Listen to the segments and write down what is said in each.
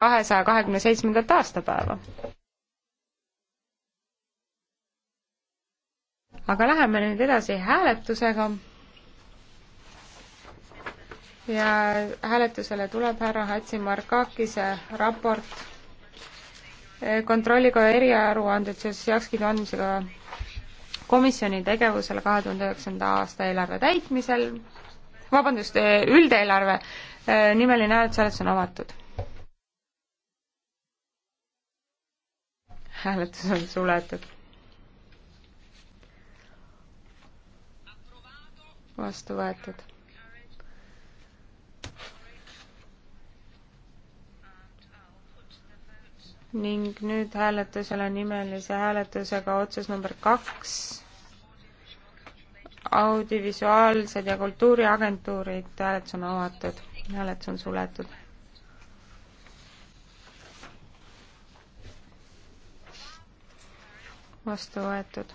kahesaja kahekümne seitsmendat aastapäeva. aga läheme nüüd edasi hääletusega. ja hääletusele tuleb härra Hatsi Markakise raport kontrollikoja eriaruanded seoses heakskiidu andmisega komisjoni tegevusele kahe tuhande üheksanda aasta eelarve täitmisel, vabandust, üldeelarve, nimeline hääletus, hääletus on avatud hääletus on suletud. vastu võetud. ning nüüd hääletusele nimelise hääletusega otsus number kaks, audiovisuaalsed ja kultuuriagentuurid, hääletus on avatud, hääletus on suletud vastu võetud.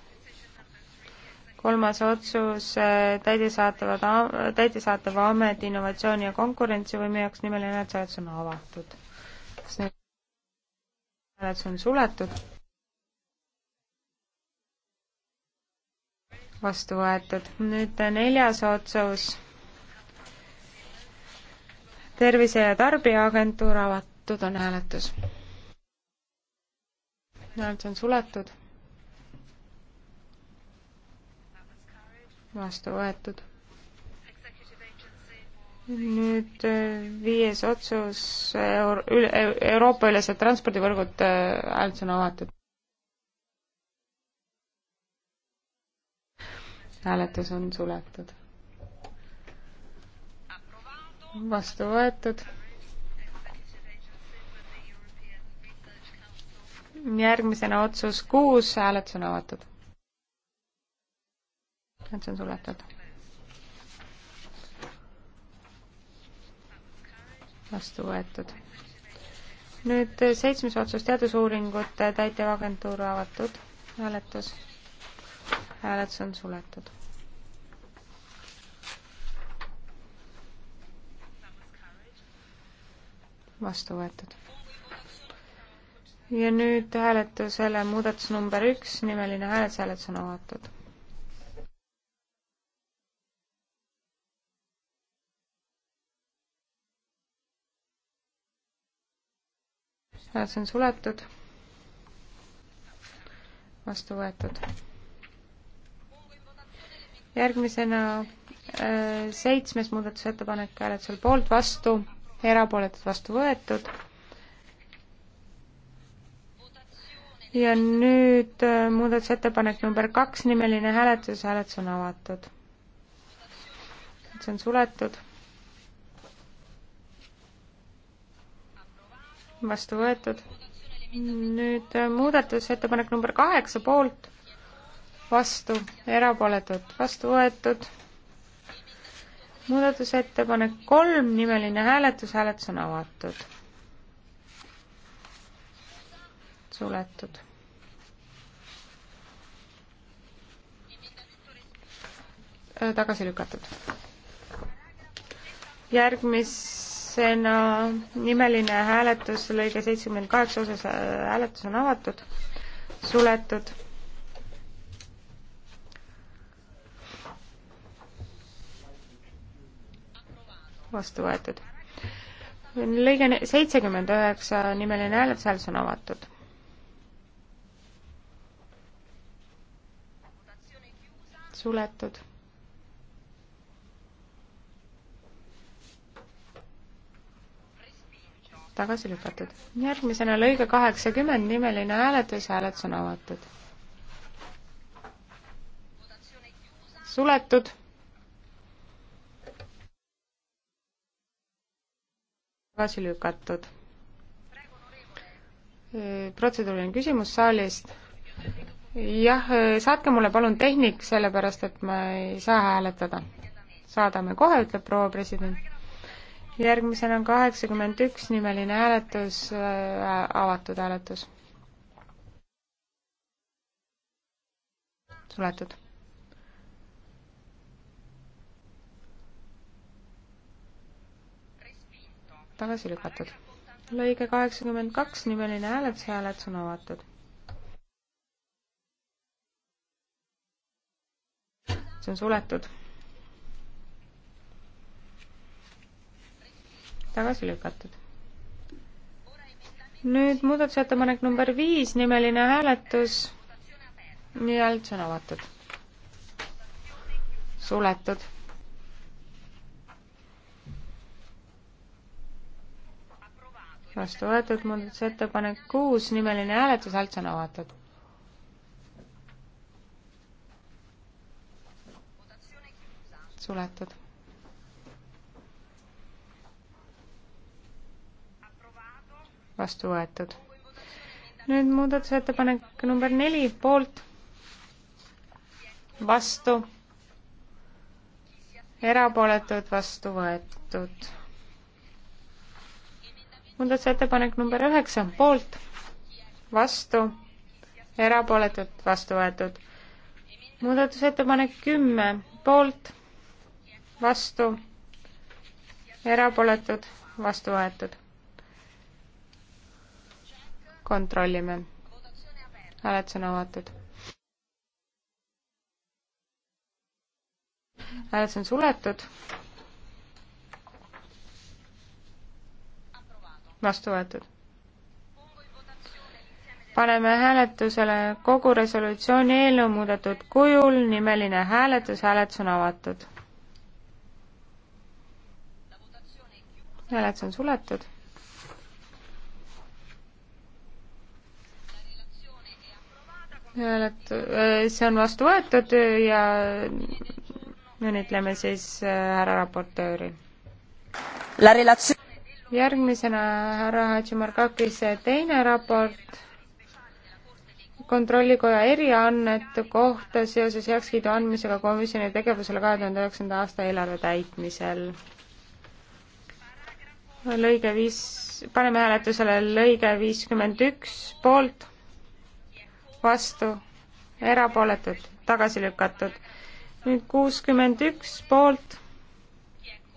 kolmas otsus, eh, täidesaatavad, täidesaatava ameti innovatsiooni ja konkurentsivõime jaoks nimeline hääletus on avatud. kas nüüd hääletus on suletud? vastu võetud. nüüd eh, neljas otsus. tervise- ja Tarbijaagentuur avatud on hääletus. hääletus on suletud vastu võetud. nüüd äh, viies otsus Euro Euroopa ülesed transpordivõrgud, äh, hääletus on avatud. hääletus on suletud. vastu võetud. järgmisena otsus kuus, hääletus on avatud nüüd see on suletud. vastu võetud. nüüd seitsmes otsus, teadusuuringute täitevagentuur avatud hääletus. hääletus on suletud. vastu võetud ja nüüd hääletusele muudatus number üks, nimeline hääletus, hääletus on avatud. hääletus on suletud. vastu võetud. järgmisena äh, seitsmes muudatusettepanek hääletusel poolt, vastu, erapooletud, vastu võetud. ja nüüd äh, muudatusettepanek number kaks, nimeline hääletus, hääletus on avatud. see on suletud vastu võetud. nüüd äh, muudatusettepanek number kaheksa poolt, vastu, erapooletud, vastu võetud. muudatusettepanek kolm, nimeline hääletus, hääletus on avatud. suletud. Äh, tagasi lükatud. järgmis järgmisena nimeline hääletus lõige seitsekümmend kaheksa osas äh, hääletus on avatud, suletud. vastu võetud. lõige seitsekümmend üheksa nimeline hääletus, hääletus on avatud. suletud tagasi lükatud. järgmisena lõige kaheksakümmend, nimeline hääletus, hääletus on avatud. suletud. tagasi lükatud. protseduuriline küsimus saalist. jah, saatke mulle palun tehnik, sellepärast et ma ei saa hääletada. saadame kohe, ütleb proua president järgmisena on kaheksakümmend üks nimeline hääletus, äh, avatud hääletus. suletud. tagasi lükatud. lõige kaheksakümmend kaks nimeline hääletus, hääletus on avatud. see on suletud tagasi lükatud. nüüd muudatusettepanek number viis, nimeline hääletus. nii hääletus on avatud. suletud. vastu võetud muudatusettepanek kuus, nimeline hääletus, hääletus on avatud. suletud vastu võetud. nüüd muudatusettepanek number neli, poolt, vastu, erapooletud, vastu võetud. muudatusettepanek number üheksa, poolt, vastu, erapooletud, vastu võetud. muudatusettepanek kümme, poolt, vastu, erapooletud, vastu võetud kontrollime. hääletus on avatud. hääletus on suletud. vastu võetud. paneme hääletusele kogu resolutsiooni eelnõu muudetud kujul, nimeline hääletus, hääletus on avatud. hääletus on suletud hääletu-, äh, see on vastu võetud ja õnnitleme siis äh, härra raportööri. järgmisena härra Hatšimarkakis teine raport kontrollikoja eriannete kohta seoses heakskiidu andmisega komisjoni tegevusele kahe tuhande üheksanda aasta eelarve täitmisel. lõige viis, paneme hääletusele lõige viiskümmend üks poolt vastu, erapooletud, tagasi lükatud. nüüd kuuskümmend üks poolt,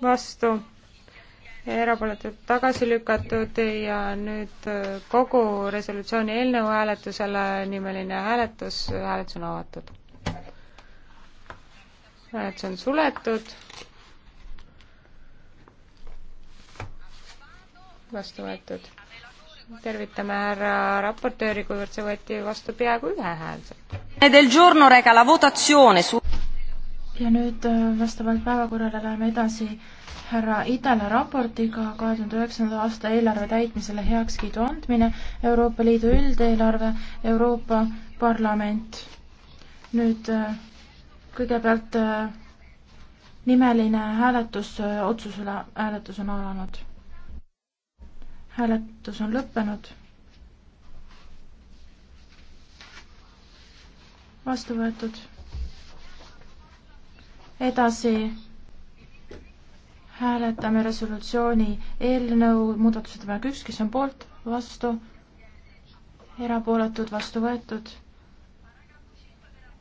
vastu, erapooletud, tagasi lükatud ja nüüd äh, kogu resolutsiooni eelnõu hääletusele nimeline hääletus, hääletus on avatud. hääletus on suletud vastu võetud tervitame härra raportööri, kuivõrd see võeti vastu peaaegu ühehäälselt. ja nüüd äh, vastavalt päevakorrale läheme edasi härra Idala raportiga kahe tuhande üheksanda aasta eelarve täitmisele heakskiidu andmine, Euroopa Liidu üldeelarve, Euroopa Parlament. nüüd äh, kõigepealt äh, nimeline hääletus, otsusele hääletus on alanud hääletus on lõppenud. vastu võetud. edasi hääletame resolutsiooni eelnõu muudatusettepanek üks, kes on poolt, vastu, erapooletud, vastu võetud.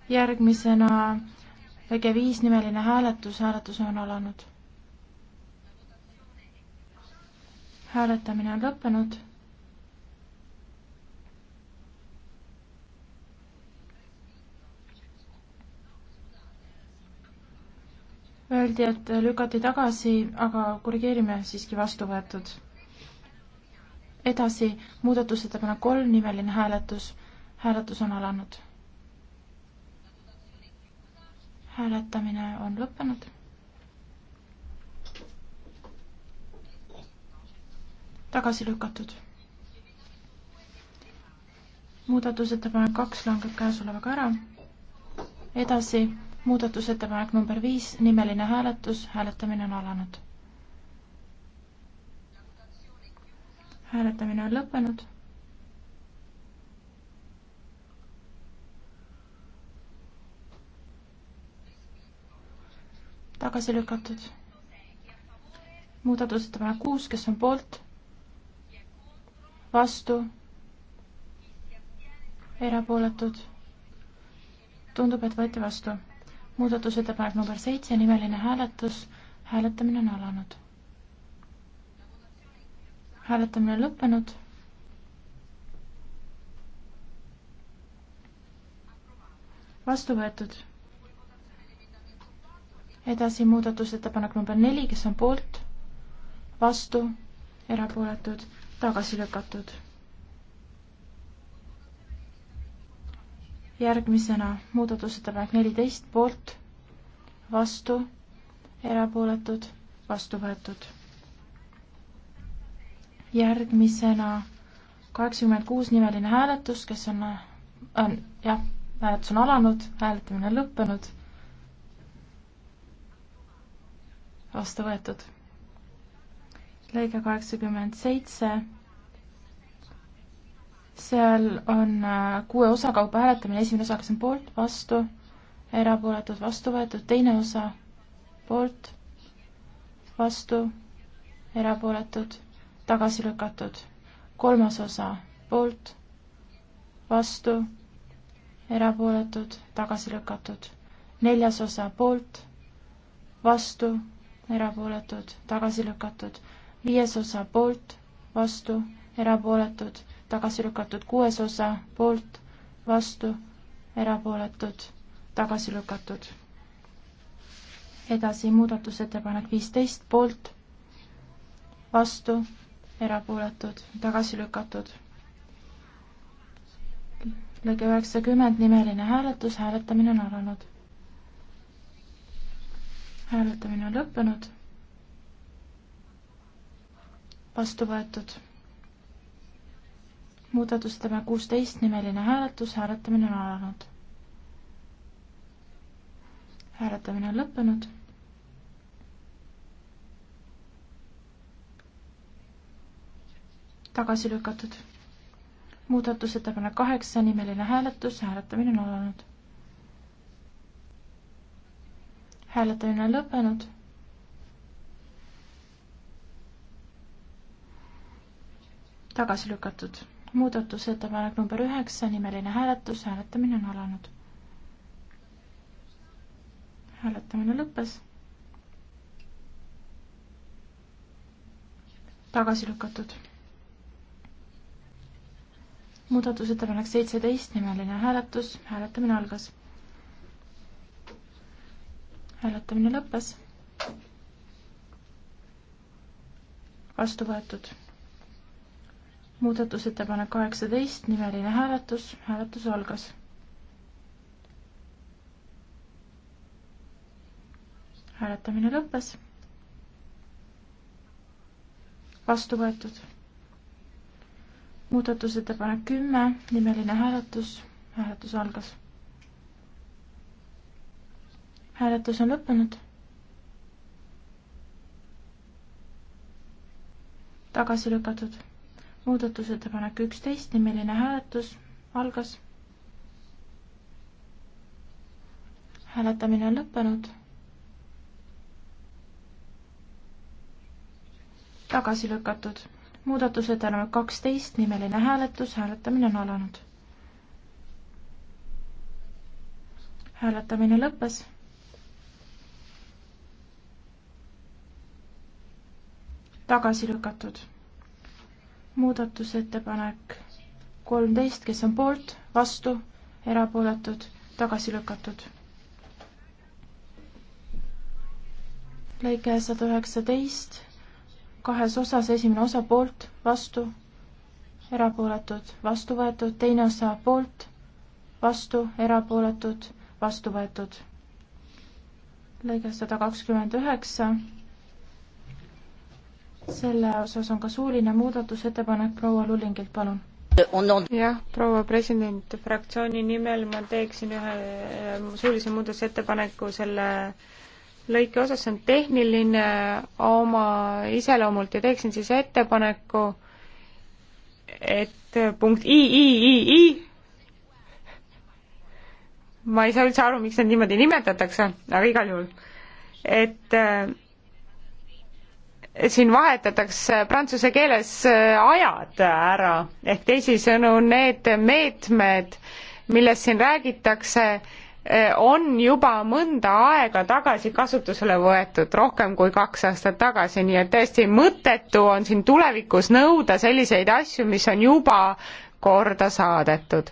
järgmisena lõige viis nimeline hääletus, hääletus on alanud hääletamine on lõppenud. Öeldi, et lükati tagasi, aga korrigeerime siiski vastu võetud. edasi muudatusettepanek kolm, nimeline hääletus. hääletus on alanud. hääletamine on lõppenud tagasi lükatud. muudatusettepanek kaks langeb käesolevaga ära. edasi muudatusettepanek number viis, nimeline hääletus, hääletamine on alanud. hääletamine on lõppenud. tagasi lükatud. muudatusettepanek kuus, kes on poolt? vastu, erapooletud. tundub, et võeti vastu. muudatusettepanek number seitse, nimeline hääletus. hääletamine on alanud. hääletamine on lõppenud. vastu võetud. edasi muudatusettepanek number neli, kes on poolt, vastu, erapooletud tagasi lükatud. järgmisena muudatusettepanek neliteist poolt, vastu, erapooletud, vastu võetud. järgmisena kaheksakümmend kuus nimeline hääletus, kes on, on jah, hääletus on alanud, hääletamine on lõppenud. vastu võetud lõige kaheksakümmend seitse, seal on äh, kuue osa kaupa hääletamine, esimene osa, kes on poolt, vastu, erapooletud, vastu võetud, teine osa, poolt, vastu, erapooletud, tagasi lükatud, kolmas osa, poolt, vastu, erapooletud, tagasi lükatud, neljas osa, poolt, vastu, erapooletud, tagasi lükatud viies osa poolt, vastu, erapooletud, tagasi lükatud, kuues osa poolt, vastu, erapooletud, tagasi lükatud. edasi muudatusettepanek viisteist poolt, vastu, erapooletud, tagasi lükatud. lõige üheksakümmend, nimeline hääletus, hääletamine on alanud. hääletamine on lõppenud vastu võetud. muudatusettepanek kuusteist, nimeline hääletus, hääletamine on alanud. hääletamine on lõppenud. tagasi lükatud. muudatusettepanek kaheksa, nimeline hääletus, hääletamine on alanud. hääletamine on lõppenud tagasi lükatud. muudatusettepanek number üheksa, nimeline hääletus, hääletamine on alanud. hääletamine lõppes. tagasi lükatud. muudatusettepanek seitseteist, nimeline hääletus, hääletamine algas. hääletamine lõppes. vastu võetud muudatusettepanek kaheksateist, nimeline hääletus, hääletus algas. hääletamine lõppes. vastu võetud. muudatusettepanek kümme, nimeline hääletus, hääletus algas. hääletus on lõppenud. tagasi lükatud muudatusettepanek üksteist, nimeline hääletus algas. hääletamine on lõppenud. tagasi lükatud. muudatusettepanek kaksteist, nimeline hääletus, hääletamine on alanud. hääletamine lõppes. tagasi lükatud muudatusettepanek kolmteist, kes on poolt, vastu, erapooletud, tagasi lükatud. lõige sada üheksateist, kahes osas, esimene osa poolt, vastu, erapooletud, vastu võetud, teine osa poolt, vastu, erapooletud, vastu võetud. lõige sada kakskümmend üheksa selle osas on ka suuline muudatusettepanek proua Lullingilt, palun. jah, proua president, fraktsiooni nimel ma teeksin ühe äh, suulise muudatusettepaneku selle lõike osas, see on tehniline oma iseloomult ja teeksin siis ettepaneku, et punkt i, i, i, i, ma ei saa üldse aru, miks neid niimoodi nimetatakse, aga igal juhul, et äh, siin vahetatakse prantsuse keeles äh, ajad ära, ehk teisisõnu, need meetmed, millest siin räägitakse, äh, on juba mõnda aega tagasi kasutusele võetud, rohkem kui kaks aastat tagasi, nii et täiesti mõttetu on siin tulevikus nõuda selliseid asju, mis on juba korda saadetud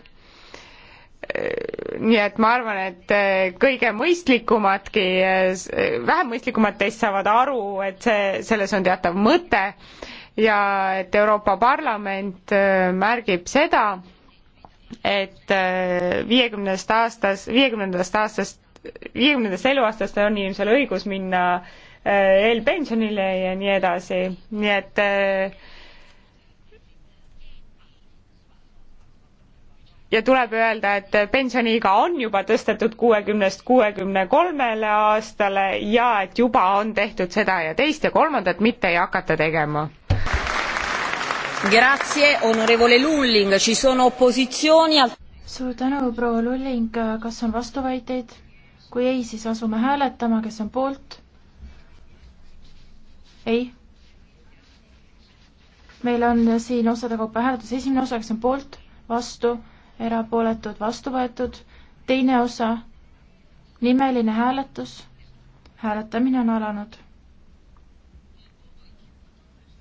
nii et ma arvan, et eh, kõige mõistlikumadki, eh, vähem mõistlikumad teist saavad aru, et see, selles on teatav mõte ja et Euroopa Parlament eh, märgib seda, et viiekümnest aastas, viiekümnendast aastast, viiekümnendast eluaastast on inimesel õigus minna eelpensionile ja nii edasi, nii et äh, ja tuleb öelda, et pensioniiga on juba tõstetud kuuekümnest kuuekümne kolmele aastale ja et juba on tehtud seda ja teist ja kolmandat mitte ei hakata tegema. Grazie, onorevole Lulling, ci sono opositsiooni al-. suur tänu, proua Lulling, kas on vastuväiteid? kui ei, siis asume hääletama, kes on poolt? ei? meil on siin osade kaupa hääletus, esimene osa, kes on poolt, vastu erapooletud, vastu võetud, teine osa, nimeline hääletus, hääletamine on alanud.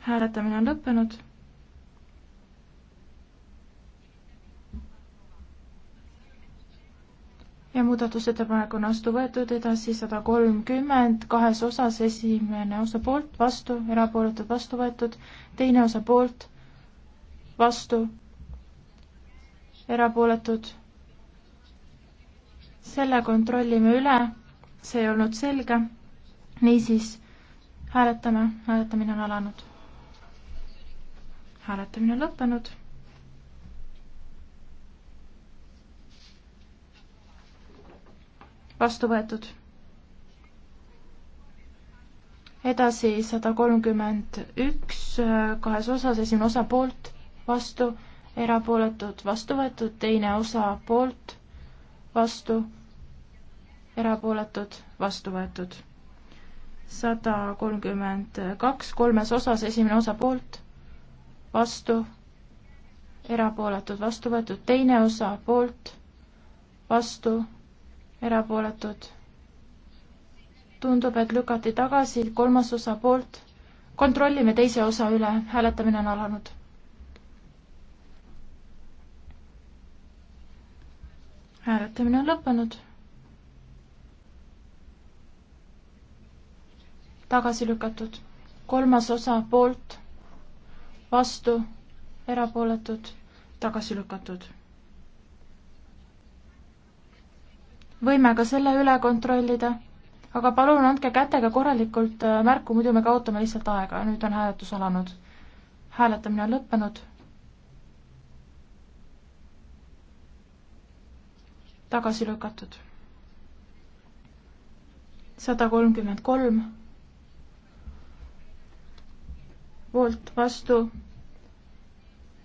hääletamine on lõppenud. ja muudatusettepanek on vastu võetud, edasi sada kolmkümmend, kahes osas, esimene osa poolt, vastu, erapooletud, vastu võetud, teine osa poolt, vastu erapooletud. selle kontrollime üle, see ei olnud selge. niisiis hääletame, hääletamine on alanud. hääletamine on lõppenud. vastu võetud. edasi sada kolmkümmend üks kahes osas, esimene osa poolt, vastu erapooletud, vastu võetud, teine osa poolt, vastu, erapooletud, vastu võetud. sada kolmkümmend kaks, kolmes osas, esimene osa poolt, vastu, erapooletud, vastu võetud, teine osa poolt, vastu, erapooletud. tundub, et lükati tagasi, kolmas osa poolt, kontrollime teise osa üle, hääletamine on alanud hääletamine on lõppenud. tagasi lükatud. kolmas osa poolt, vastu, erapooletud, tagasi lükatud. võime ka selle üle kontrollida, aga palun andke kätega korralikult äh, märku, muidu me kaotame lihtsalt aega. nüüd on hääletus alanud. hääletamine on lõppenud tagasi lükatud. sada kolmkümmend kolm poolt, vastu,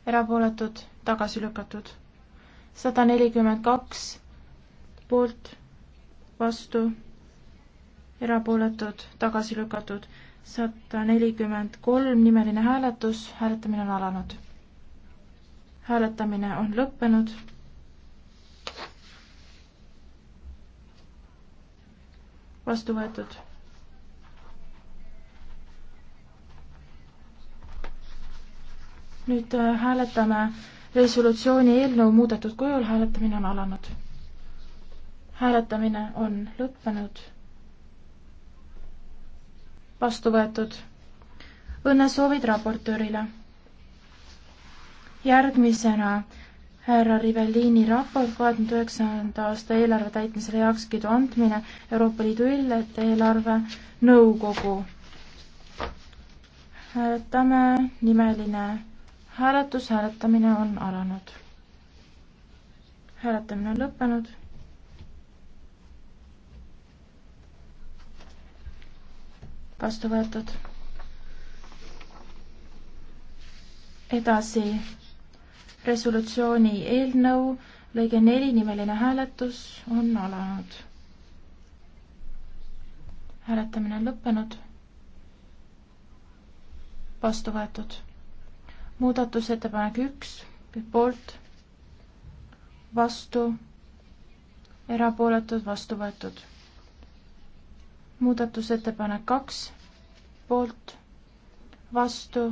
erapooletud, tagasi lükatud. sada nelikümmend kaks poolt, vastu, erapooletud, tagasi lükatud. sada nelikümmend kolm, nimeline hääletus, hääletamine on alanud. hääletamine on lõppenud vastu võetud. nüüd äh, hääletame resolutsiooni eelnõu muudetud kujul, hääletamine on alanud. hääletamine on lõppenud. vastu võetud. õnnesoovid raportöörile. järgmisena härra Rivellini raport kahe tuhande üheksanda aasta eelarve täitmisele heakskiidu andmine Euroopa Liidu ülled eelarve nõukogu. hääletame nimeline hääletus, hääletamine on alanud. hääletamine on lõppenud. vastu võetud. edasi resolutsiooni eelnõu lõige neli nimeline hääletus on alanud. hääletamine on lõppenud. vastu võetud. muudatusettepanek üks, poolt, vastu, erapooletud, vastu võetud. muudatusettepanek kaks, poolt, vastu,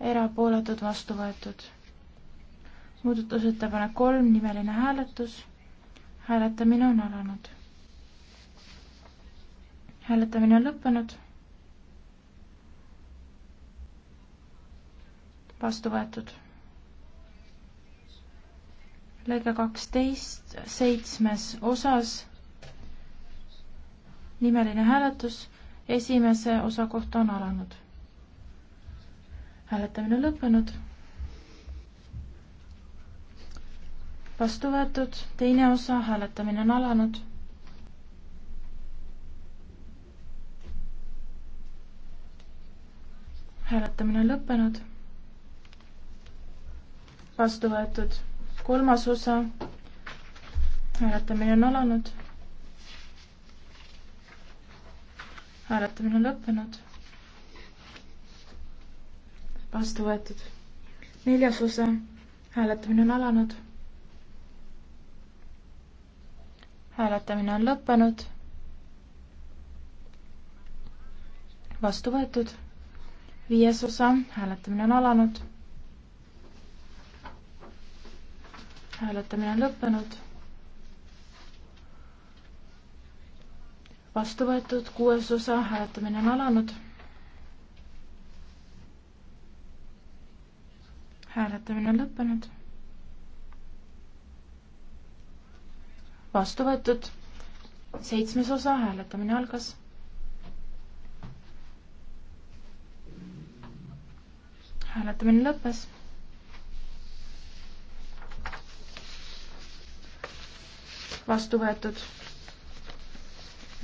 erapooletud, vastu võetud muudatusettepanek kolm, nimeline hääletus. hääletamine on alanud. hääletamine on lõppenud. vastu võetud. lõige kaksteist, seitsmes osas. nimeline hääletus esimese osa kohta on alanud. hääletamine on lõppenud vastu võetud, teine osa, hääletamine on alanud. hääletamine on lõppenud. vastu võetud, kolmas osa, hääletamine on alanud. hääletamine on lõppenud. vastu võetud, neljas osa, hääletamine on alanud hääletamine on lõppenud. vastu võetud. viies osa, hääletamine on alanud. hääletamine on lõppenud. vastu võetud, kuues osa, hääletamine on alanud. hääletamine on lõppenud vastu võetud. seitsmes osa hääletamine algas. hääletamine lõppes. vastu võetud.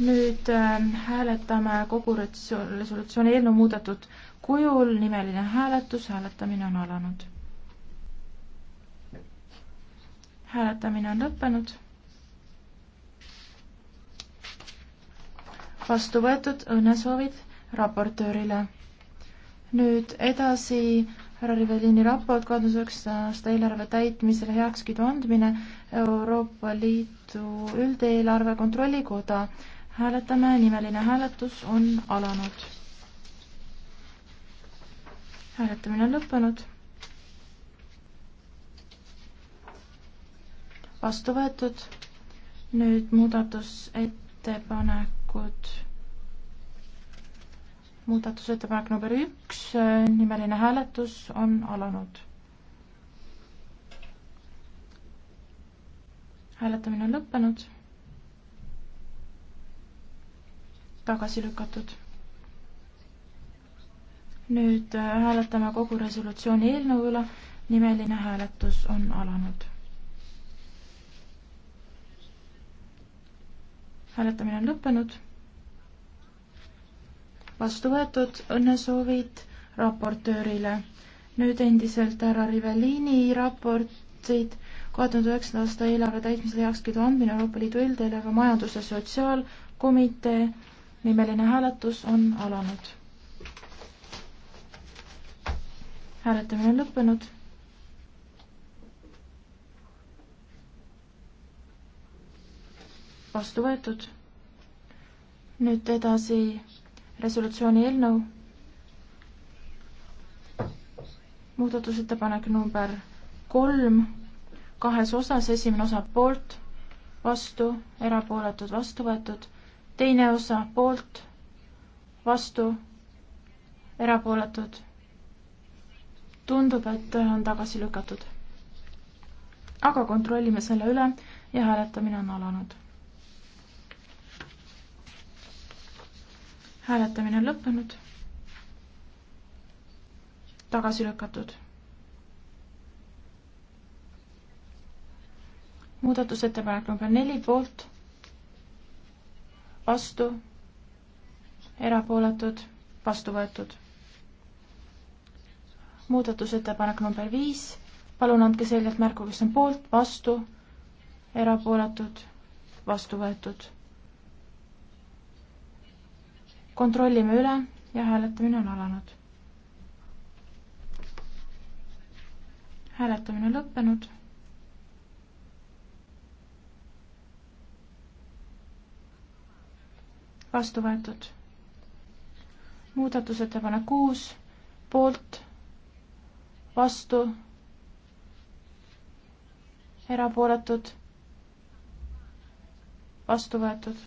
nüüd äh, hääletame kogu resolutsiooni eelnõu muudetud kujul, nimeline hääletus, hääletamine on alanud. hääletamine on lõppenud vastu võetud, õnnesoovid raportöörile. nüüd edasi härra Rivelini raport kaheksakümne üheksa aasta eelarve täitmisele heakskiidu andmine Euroopa Liidu üldeelarve kontrollikoda. hääletame, nimeline hääletus on alanud. hääletamine on lõppenud. vastu võetud. nüüd muudatusettepanek ettepanekud. muudatusettepanek number üks, nimeline hääletus on alanud. hääletamine on lõppenud. tagasi lükatud. nüüd hääletame kogu resolutsiooni eelnõu üle. nimeline hääletus on alanud hääletamine on lõppenud. vastu võetud õnnesoovid raportöörile. nüüd endiselt härra Riveliini raportid kahe tuhande üheksanda aasta eelarve täitmisele heakskiidu andmine Euroopa Liidu üldeelarve majandus- ja sotsiaalkomitee nimeline hääletus on alanud. hääletamine on lõppenud vastu võetud. nüüd edasi resolutsiooni eelnõu. muudatusettepanek number kolm, kahes osas, esimene osa poolt, vastu, erapooletud, vastu võetud, teine osa poolt, vastu, erapooletud. tundub, et on tagasi lükatud. aga kontrollime selle üle ja hääletamine on alanud. hääletamine on lõppenud. tagasi lükatud. muudatusettepanek number neli poolt, vastu, erapooletud, vastu võetud. muudatusettepanek number viis, palun andke selgelt märku, kes on poolt, vastu, erapooletud, vastu võetud kontrollime üle ja hääletamine on alanud. hääletamine on lõppenud. vastu võetud. muudatusettepanek kuus, poolt, vastu, erapooletud, vastu võetud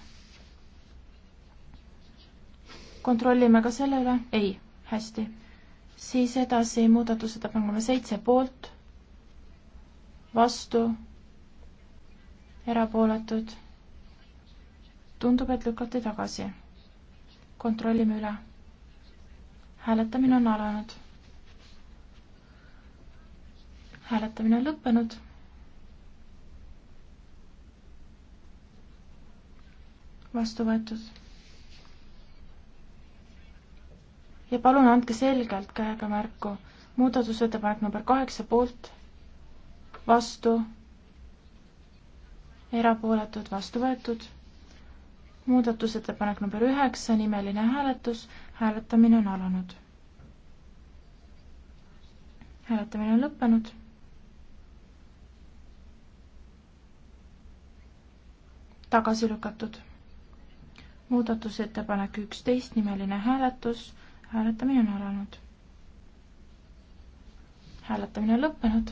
kontrollime ka selle üle? ei, hästi. siis edasi muudatusettepanek number seitse poolt, vastu, erapooletud. tundub, et lükati tagasi. kontrollime üle. hääletamine on alanud. hääletamine on lõppenud. vastu võetud ja palun andke selgelt käega märku. muudatusettepanek number kaheksa poolt, vastu, erapooletud, vastu võetud. muudatusettepanek number üheksa, nimeline hääletus, hääletamine on alanud. hääletamine on lõppenud. tagasi lükatud muudatusettepanek üksteist, nimeline hääletus hääletamine on alanud. hääletamine on lõppenud.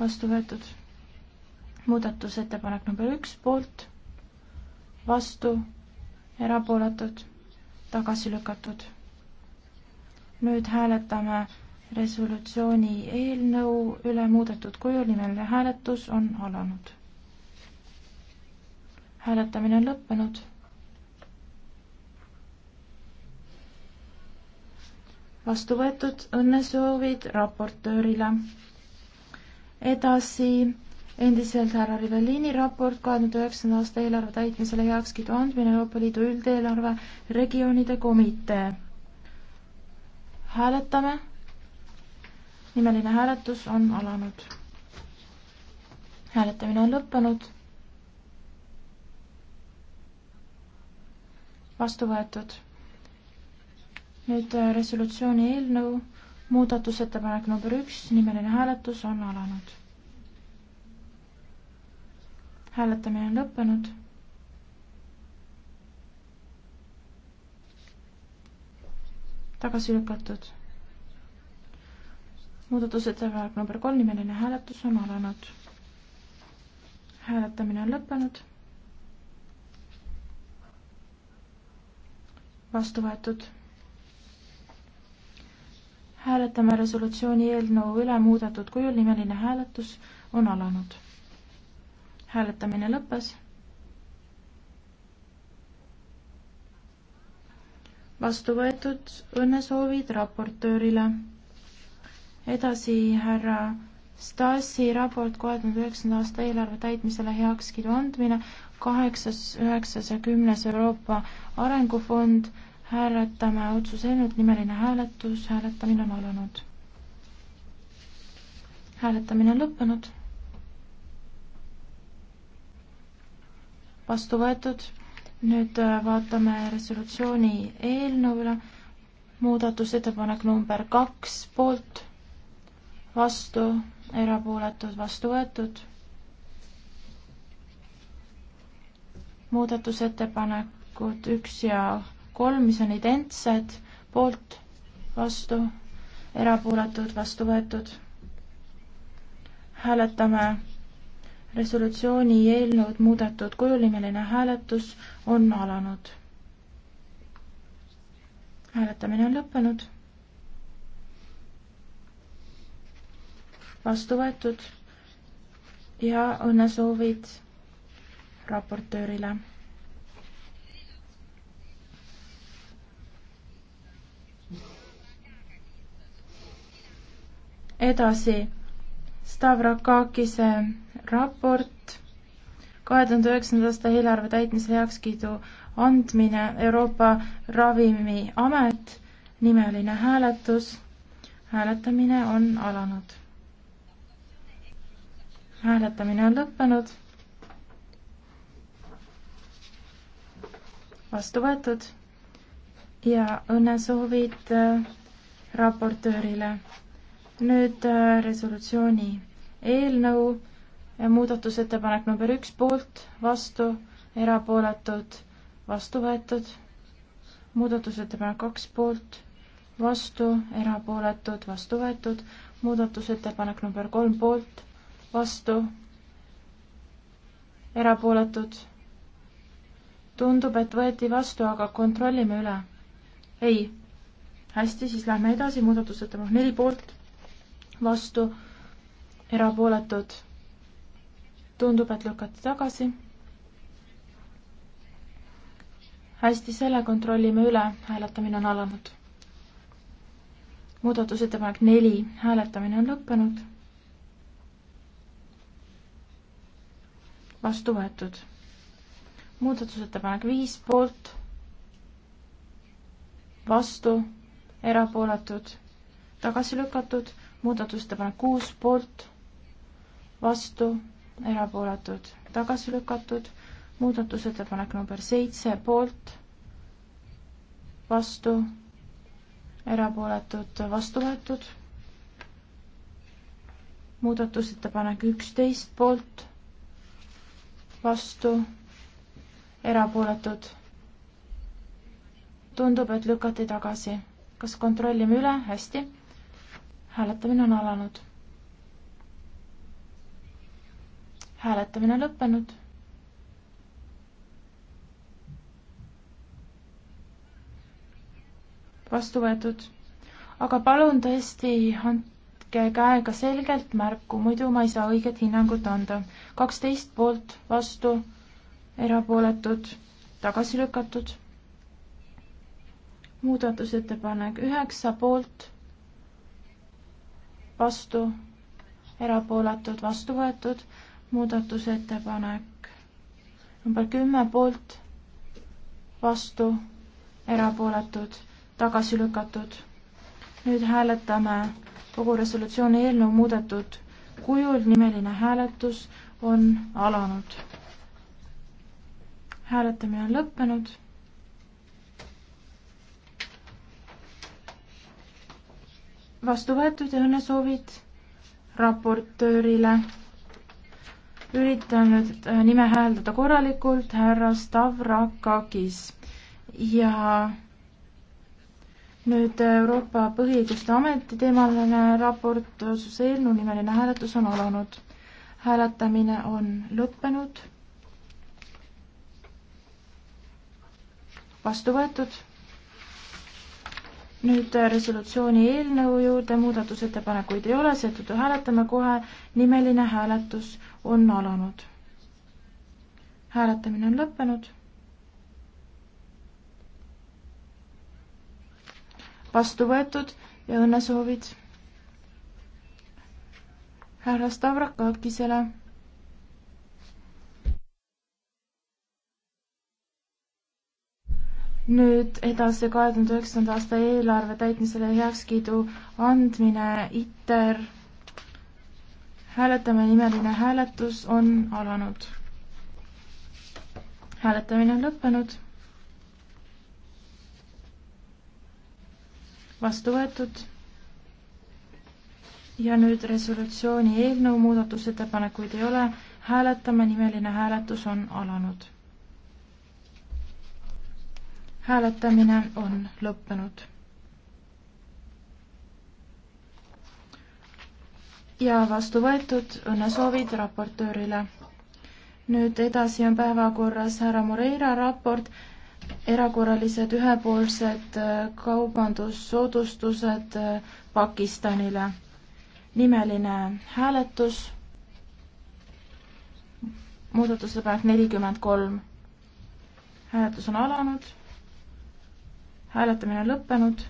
vastu võetud. muudatusettepanek number üks poolt, vastu, erapooletud, tagasi lükatud. nüüd hääletame resolutsiooni eelnõu üle muudetud kujul, nimeline hääletus on alanud hääletamine on lõppenud. vastu võetud õnnesoovid raportöörile. edasi endiselt härra Rivellini raport kahe tuhande üheksanda aasta eelarve täitmisele heakskiidu andmine Euroopa Liidu üldeelarve regioonide komitee. hääletame. nimeline hääletus on alanud. hääletamine on lõppenud vastu võetud. nüüd äh, resolutsiooni eelnõu, muudatusettepanek number üks, nimeline hääletus on alanud. hääletamine on lõppenud. tagasi lükatud. muudatusettepanek number kolm, nimeline hääletus on alanud. hääletamine on lõppenud vastu võetud. hääletame resolutsiooni eelnõu üle muudetud kujul, nimeline hääletus on alanud. hääletamine lõppes. vastu võetud õnnesoovid raportöörile. edasi härra Stasi raport kahe tuhande üheksanda aasta eelarve täitmisele heakskiidu andmine kaheksas, üheksas ja kümnes Euroopa Arengufond. hääletame otsuse eelnõud, nimeline hääletus, hääletamine on alanud. hääletamine on lõppenud. vastu võetud. nüüd äh, vaatame resolutsiooni eelnõu üle. muudatusettepanek number kaks poolt, vastu, erapooletud, vastu võetud muudatusettepanekud üks ja kolm, mis on identsed, poolt, vastu, erapooletud, vastu võetud. hääletame resolutsiooni eelnõud muudetud kujulimeline hääletus on alanud. hääletamine on lõppenud. vastu võetud ja õnnesoovid raportöörile. edasi, Stavrakakise raport, kahe tuhande üheksanda aasta eelarve täitmise heakskiidu andmine Euroopa Ravimiamet, nimeline hääletus. hääletamine on alanud. hääletamine on lõppenud vastu võetud ja õnnesoovid äh, raportöörile. nüüd äh, resolutsiooni eelnõu muudatusettepanek number üks poolt, vastu, erapooletud, vastu võetud. muudatusettepanek kaks poolt, vastu, erapooletud, vastu võetud. muudatusettepanek number kolm poolt, vastu, erapooletud tundub, et võeti vastu, aga kontrollime üle. ei. hästi, siis lähme edasi, muudatusettepanek neli poolt, vastu, erapooletud. tundub, et lükati tagasi. hästi, selle kontrollime üle, hääletamine on alanud. muudatusettepanek neli, hääletamine on lõppenud. vastu võetud muudatusettepanek viis poolt, vastu, erapooletud, tagasi lükatud, muudatusettepanek kuus poolt, vastu, erapooletud, tagasi lükatud, muudatusettepanek number seitse poolt, vastu, erapooletud, vastu võetud, muudatusettepanek üksteist poolt, vastu erapooletud. tundub, et lükati tagasi. kas kontrollime üle? hästi. hääletamine on alanud. hääletamine on lõppenud. vastu võetud. aga palun tõesti andke käega selgelt märku, muidu ma ei saa õiget hinnangut anda. kaksteist poolt, vastu erapooletud, tagasi lükatud. muudatusettepanek üheksa poolt, vastu, erapooletud, vastu võetud. muudatusettepanek number kümme poolt, vastu, erapooletud, tagasi lükatud. nüüd hääletame kogu resolutsiooni eelnõu muudetud kujul, nimeline hääletus on alanud hääletamine on lõppenud. vastu võetud ja õnnesoovid raportöörile. üritan nüüd äh, nime hääldada korralikult, härra Stavrakakis ja nüüd äh, Euroopa Põhiõiguste Ameti teemaline raport, otsuse eelnõu nimeline hääletus on alanud. hääletamine on lõppenud vastu võetud. nüüd resolutsiooni eelnõu juurde muudatusettepanekuid ei ole, seetõttu hääletame kohe. nimeline hääletus on alanud. hääletamine on lõppenud. vastu võetud ja õnnesoovid härra Stavrakakisele nüüd edasi kahe tuhande üheksanda aasta eelarve täitmisele heakskiidu andmine, ITER. hääletame, nimeline hääletus on alanud. hääletamine on lõppenud. vastu võetud. ja nüüd resolutsiooni eelnõu muudatusettepanekuid ei ole. hääletame, nimeline hääletus on alanud hääletamine on lõppenud. ja vastu võetud õnnesoovid raportöörile. nüüd edasi on päevakorras härra Moreira raport, erakorralised ühepoolsed äh, kaubandussoodustused äh, Pakistanile. nimeline hääletus. muudatusettepanek nelikümmend kolm. hääletus on alanud hääletamine on lõppenud.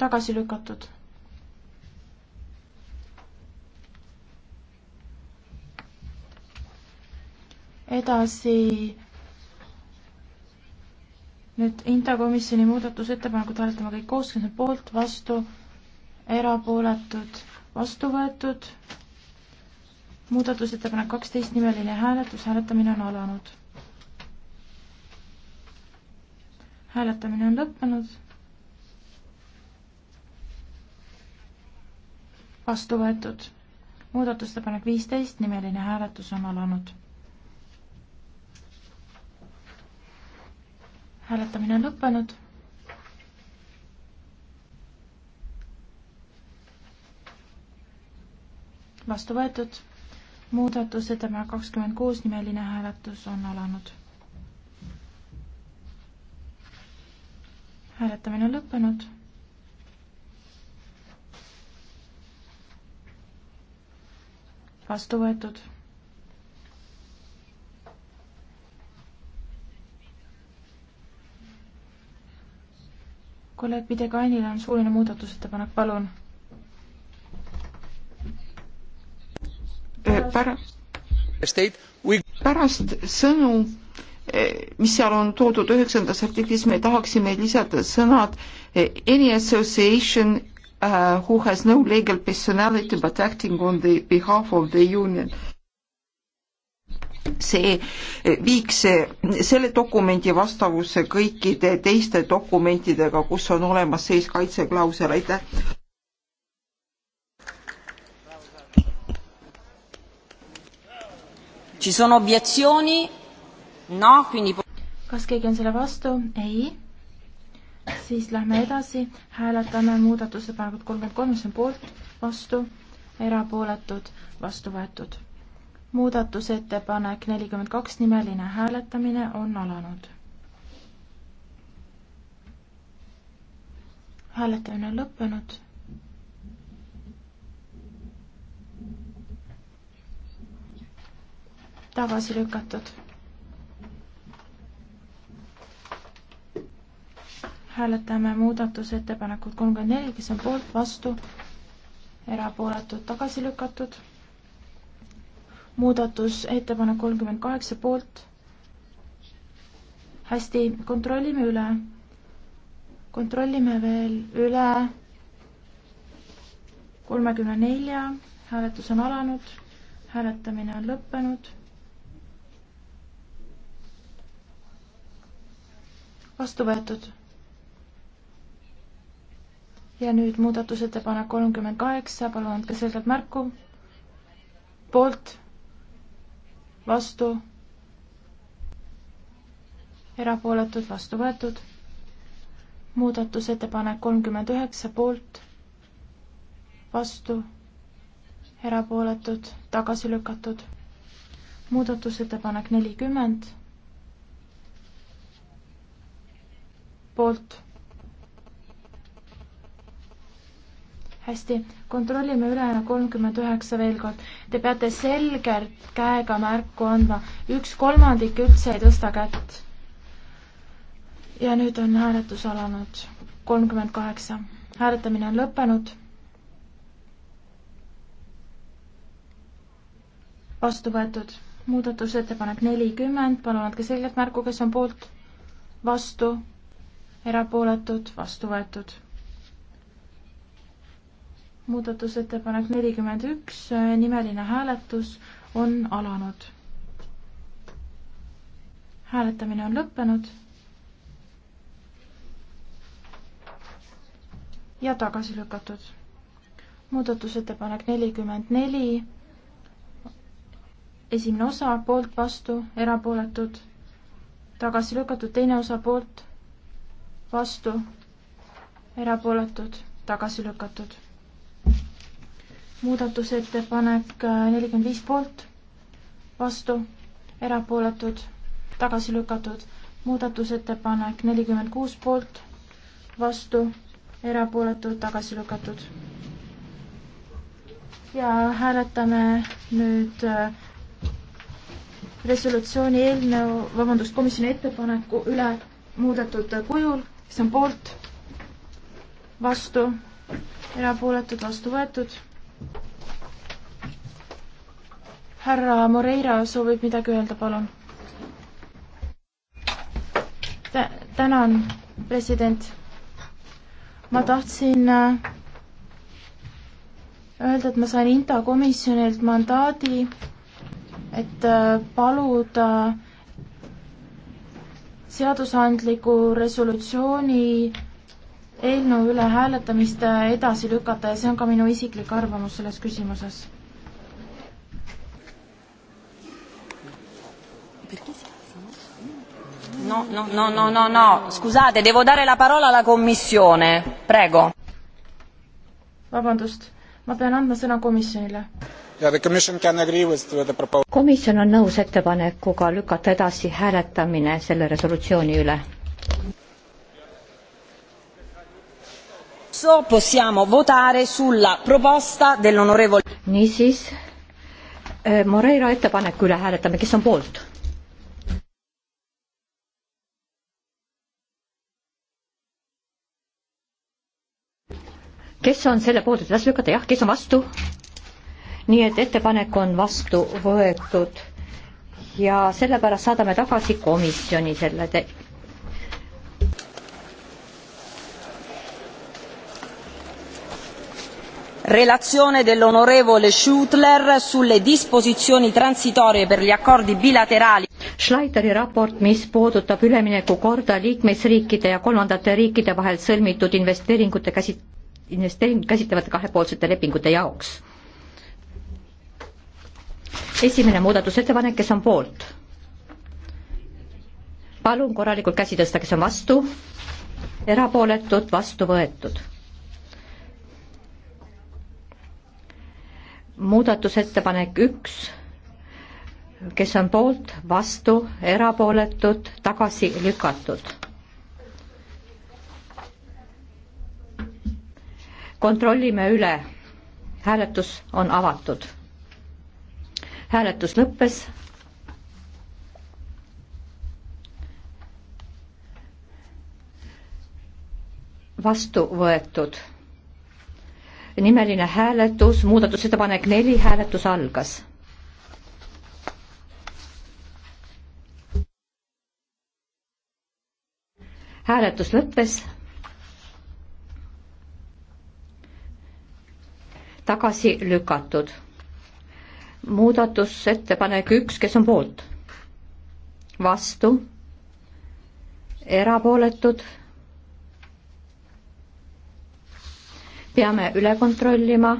tagasi lükatud. edasi nüüd hindakomisjoni muudatusettepanekud hääletame kõik koos, kes on poolt, vastu, erapooletud, vastu võetud muudatusettepanek kaksteist nimeline hääletus, hääletamine on alanud. hääletamine on lõppenud. vastu võetud. muudatusettepanek viisteist nimeline hääletus on alanud. hääletamine on lõppenud vastu võetud muudatusettepanek kakskümmend kuus nimeline hääletus on alanud. hääletamine on lõppenud. vastu võetud. kolleeg Pidekainil on suuline muudatusettepanek, palun Eh, pärast sõnu, eh, mis seal on toodud üheksandas artiklis, me tahaksime lisada sõnad eh, any association uh, who has no legal personality but acting on the behalf of the union see viiks selle dokumendi vastavusse kõikide teiste dokumentidega, kus on olemas sees kaitseklausel, aitäh. Ci sono obiezioni? No, quindi... kas keegi on selle vastu? ei. siis lähme edasi, hääletame muudatusepanekut kolmkümmend kolm, mis on poolt, vastu, erapooletud, vastu võetud. muudatusettepanek nelikümmend kaks, nimeline hääletamine on alanud. hääletamine on lõppenud tagasi lükatud. hääletame muudatusettepanekut kolmkümmend neli, kes on poolt, vastu, erapooletud, tagasi lükatud. muudatusettepanek kolmkümmend kaheksa poolt. hästi, kontrollime üle. kontrollime veel üle kolmekümne nelja, hääletus on alanud, hääletamine on lõppenud vastu võetud. ja nüüd muudatusettepanek kolmkümmend kaheksa, palun andke selgelt märku. poolt, vastu, erapooletud, vastu võetud. muudatusettepanek kolmkümmend üheksa, poolt, vastu, erapooletud, tagasi lükatud muudatusettepanek nelikümmend poolt. hästi, kontrollime ülejäänud kolmkümmend üheksa veel kord. Te peate selgelt käega märku andma, üks kolmandik üldse ei tõsta kätt. ja nüüd on hääletus alanud, kolmkümmend kaheksa. hääletamine on lõppenud. vastu võetud muudatusettepanek nelikümmend, palun andke selgelt märku, kes on poolt, vastu erapooletud, vastu võetud. muudatusettepanek nelikümmend üks, nimeline hääletus on alanud. hääletamine on lõppenud. ja tagasi lükatud. muudatusettepanek nelikümmend neli, esimene osa poolt, vastu, erapooletud, tagasi lükatud, teine osa poolt vastu, erapooletud, tagasi lükatud. muudatusettepanek äh, nelikümmend viis poolt, vastu, erapooletud, tagasi lükatud. muudatusettepanek nelikümmend kuus poolt, vastu, erapooletud, tagasi lükatud. ja hääletame nüüd äh, resolutsiooni eelnõu, vabandust, komisjoni ettepaneku üle muudetud kujul kes on poolt, vastu, erapooletud, vastu võetud. härra Moreira soovib midagi öelda, palun Tä. tänan, president. ma tahtsin äh, öelda, et ma sain Inta komisjonilt mandaadi, et äh, paluda seadusandliku resolutsiooni eelnõu üle hääletamist edasi lükata ja see on ka minu isiklik arvamus selles küsimuses. no, no, no, no, no, no, scusate, devo dare la parola alla commissione, prego. vabandust, ma pean andma sõna komisjonile komisjon on nõus ettepanekuga lükata edasi hääletamine selle resolutsiooni üle. niisiis, eh, Moreira ettepaneku üle hääletame, kes on poolt? kes on selle poolt, et edasi lükata, jah, kes on vastu? nii et ettepanek on vastu võetud ja sellepärast saadame tagasi komisjoni selle te-. Relazione dell'onorevole Schutler sulle disposizioni transitorie per gli accordi bilaterali. Schleiteri raport, mis puudutab üleminekukorda liikmesriikide ja kolmandate riikide vahel sõlmitud investeeringute käsit-, investeering-, käsitlevate kahepoolsete lepingute jaoks esimene muudatusettepanek, kes on poolt? palun korralikult käsi tõsta, kes on vastu, erapooletud, vastu võetud. muudatusettepanek üks, kes on poolt, vastu, erapooletud, tagasi lükatud. kontrollime üle, hääletus on avatud hääletus lõppes. vastu võetud. nimeline hääletus, muudatusettepanek neli, hääletus algas hääletus lõppes. tagasi lükatud muudatusettepanek üks, kes on poolt? vastu? erapooletud? peame üle kontrollima.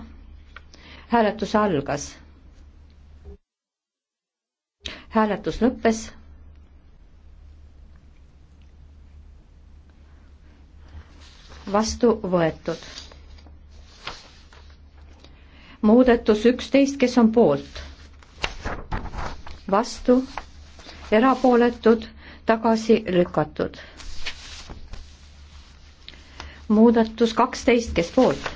hääletus algas. hääletus lõppes. vastu võetud muudatus üksteist, kes on poolt? vastu, erapooletud, tagasi lükatud. muudatus kaksteist, kes poolt?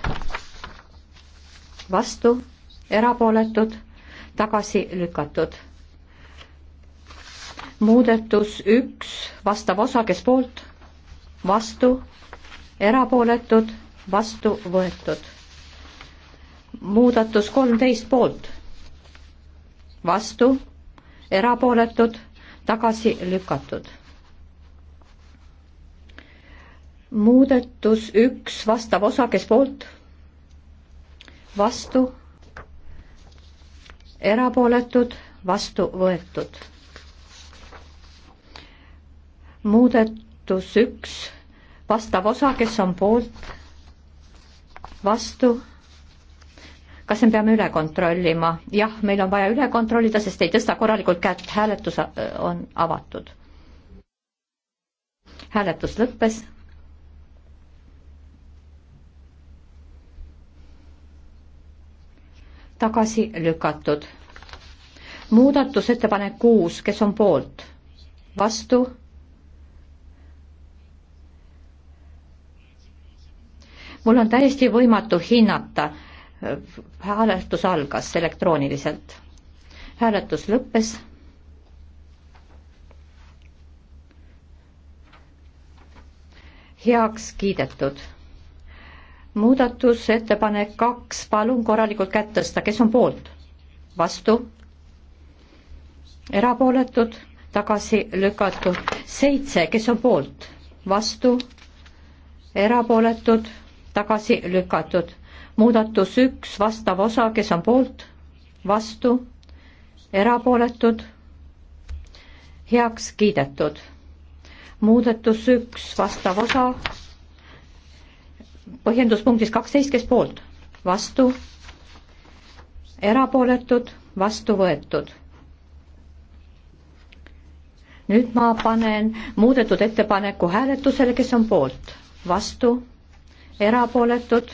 vastu, erapooletud, tagasi lükatud. muudatus üks, vastav osa, kes poolt? vastu, erapooletud, vastu võetud muudatus kolmteist poolt, vastu, erapooletud, tagasi lükatud. muudatus üks vastav osa, kes poolt, vastu, erapooletud, vastu võetud. muudatus üks vastav osa, kes on poolt, vastu kas me peame üle kontrollima? jah, meil on vaja üle kontrollida, sest ei tõsta korralikult kätt, hääletus äh, on avatud. hääletus lõppes. tagasi lükatud. muudatusettepanek kuus, kes on poolt? vastu mul on täiesti võimatu hinnata, hääletus algas elektrooniliselt. hääletus lõppes. heaks kiidetud. muudatusettepanek kaks, palun korralikult kätt tõsta, kes on poolt? vastu? erapooletud? tagasi lükatud? seitse, kes on poolt? vastu? erapooletud? tagasi lükatud? muudatus üks, vastav osa, kes on poolt, vastu, erapooletud, heaks kiidetud. muudatus üks, vastav osa, põhjenduspunktis kaksteist, kes poolt, vastu, erapooletud, vastu võetud nüüd ma panen muudetud ettepaneku hääletusele, kes on poolt, vastu, erapooletud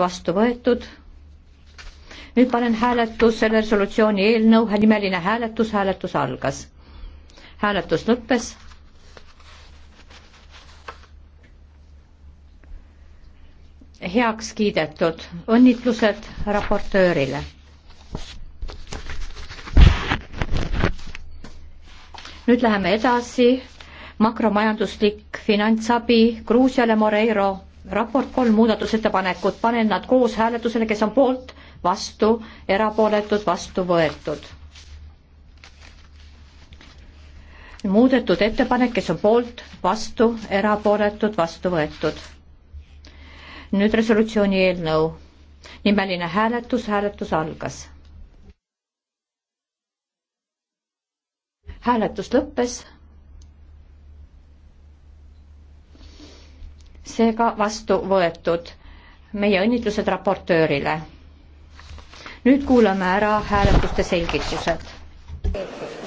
vastu võetud. nüüd panen hääletusele resolutsiooni eelnõu, nimeline hääletus, hääletus algas. hääletus lõppes. heaks kiidetud, õnnitlused raportöörile. nüüd läheme edasi, makromajanduslik finantsabi Gruusiale Moreiro raport, kolm muudatusettepanekut, panen nad koos hääletusele, kes on poolt, vastu, erapooletud, vastu võetud. muudetud ettepanek, kes on poolt, vastu, erapooletud, vastu võetud. nüüd resolutsiooni eelnõu. nimeline hääletus, hääletus algas. hääletus lõppes seega vastu võetud. meie õnnitlused raportöörile. nüüd kuulame ära hääletuste selgitused.